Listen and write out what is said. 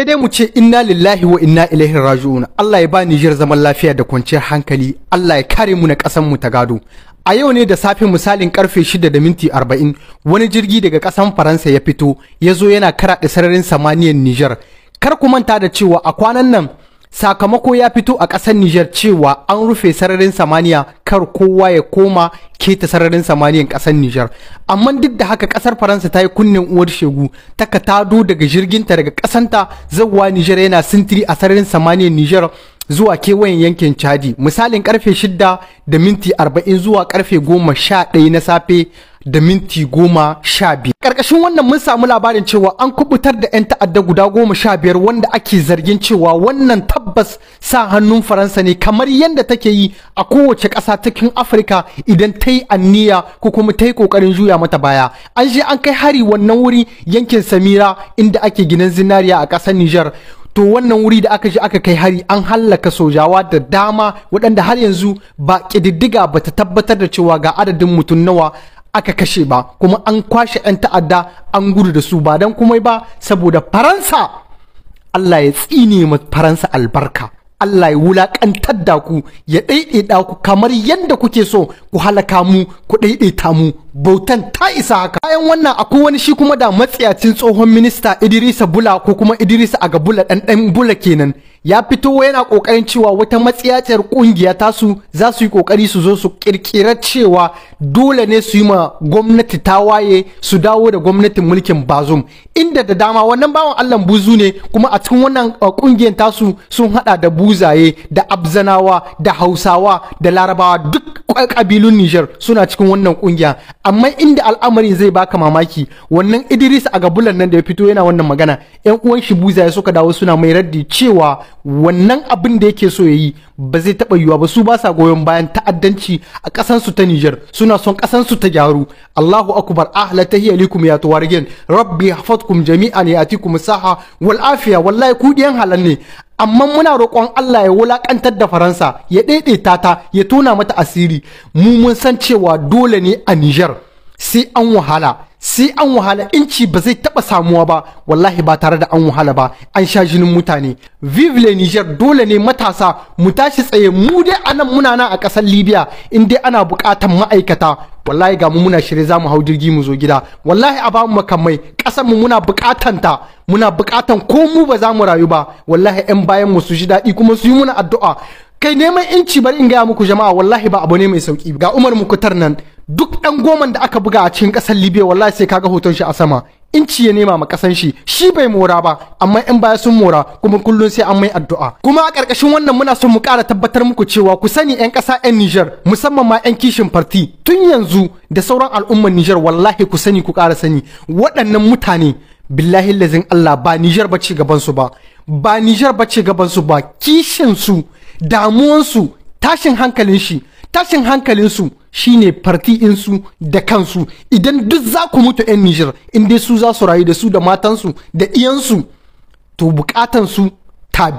sai dai mu ce inna lillahi wa inna ilaihi raji'un Allah ya ba Niger zaman lafiya da kwanciyar hankali Allah ya kare mu na ƙasar mu ta gado a yau ne da safe misalin karfe 6 da minti 40 wani jirgi daga ƙasar Faransa ya fito ya zo yana karaɗe sararin samaniyar Niger kar ku manta da cewa a kwanan nan sakamako ya fito a ƙasar niger cewa an rufe sararin samaniya kar kowa ya koma keta sararin samaniyan ƙasar niger amma duk da haka ƙasar Faransa ta yi kunnen uwar shegu ta ka tado daga jirginta daga ƙasanta zuwa niger yana sintiri a sararin samaniyan niger. zuwa kewayen yankin chadi misalin karfe 6 da minti 40 zuwa karfe 11 na safe da minti goma sha biyar. wannan mun samu labarin cewa an kubutar da 'yan ta'adda guda goma sha biyar wanda ake zargin cewa wannan tabbas sa hannun Faransa ne kamar yadda take yi a kowace ƙasa cikin Afirka idan ta yi anniya ko kuma ta yi ƙoƙarin juya mata baya. An je an kai hari wannan wuri yankin Samira inda ake ginin zinariya a ƙasar Nijar. to wannan wuri da aka je aka kai hari an hallaka sojawa da dama waɗanda har yanzu ba ƙididdiga ba ta tabbatar da cewa ga adadin mutum nawa aka kashe ba kuma an kwashe 'yan ta'adda an gudu da su ba don komai ba saboda faransa Allah ya tsine ma faransa albarka Allah ya wulaƙantar da ku ya ɗaiɗaiɗa ku kamar yadda kuke so ku halaka mu ku ɗaiɗaita mu bautan ta isa haka bayan wannan akwai wani shi kuma da matsiyacin tsohon minista Idrisa Bula ko kuma Idrisa Aga Bula ɗan Bula kenan ya fito yana kokarin cewa wata matsiyaciyar kungiya tasu za su yi kokari su zo su kirkira cewa dole ne su yi ma gwamnati tawaye su dawo da gwamnatin mulkin bazum inda da dama wannan bawan Allah buzu ne kuma a cikin wannan kungiyar uh, tasu sun hada da buzaye da abzanawa da hausawa da larabawa duk kabilun Nijar suna cikin wannan kungiya amma inda al'amarin zai baka mamaki wannan Idris a gabulan nan da ya fito yana wannan magana ƴan uwan shi buza ya suka dawo suna mai raddi cewa wannan abin da yake so ya yi ba zai taba yiwa ba su ba sa goyon bayan ta'addanci a ƙasansu ta Nijar suna son ƙasansu su ta gyaru Allahu akbar ahla tahiyya likum ya tuwargin rabbi hafadkum jami'an yatikum saha wal afiya wallahi ku diyan halan ne amma muna roƙon Allah ya wulaƙantar da Faransa ya ɗaiɗaita ta ya tona mata asiri mu mun san cewa dole ne a nijar sai an wahala sai an wahala inci ba zai taba samuwa ba wallahi ba tare da an wahala ba an sha jinin mutane vive le niger dole ne matasa mu tashi tsaye mu dai anan muna nan a kasar libya in dai ana bukatan ma'aikata wallahi ga mu muna shirye za mu hau jirgi mu zo gida wallahi a ba mu makamai kasar mu muna bukatan ta muna bukatan ko mu ba za mu rayu ba wallahi yan bayan mu su ji daɗi kuma su yi muna addu'a kai neman inci bari in gaya muku jama'a wallahi ba abu ne mai sauki ga umar mu kutar nan duk ɗan goman da aka buga a cikin ƙasar libya wallahi sai kaga hoton shi a sama inci ya nema ma ƙasan shi shi bai mora ba amma in baya sun mora kuma kullum sai an mai addu'a kuma a ƙarƙashin wannan muna son mu ƙara tabbatar muku cewa ku sani 'yan ƙasa 'yan Niger musamman ma 'yan kishin farti tun yanzu da sauran al'ummar Niger wallahi ku sani ku ƙara sani waɗannan mutane billahi lazin Allah ba Niger ba ce gaban su ba ba niger ba ce gaban su ba kishin su damuwan tashin hankalin shi tashin hankalin su shine farti su da kansu idan duk za ku mutu 'yan Nijar in dai su za su rayu da su da matansu da iyansu to bukatansu ta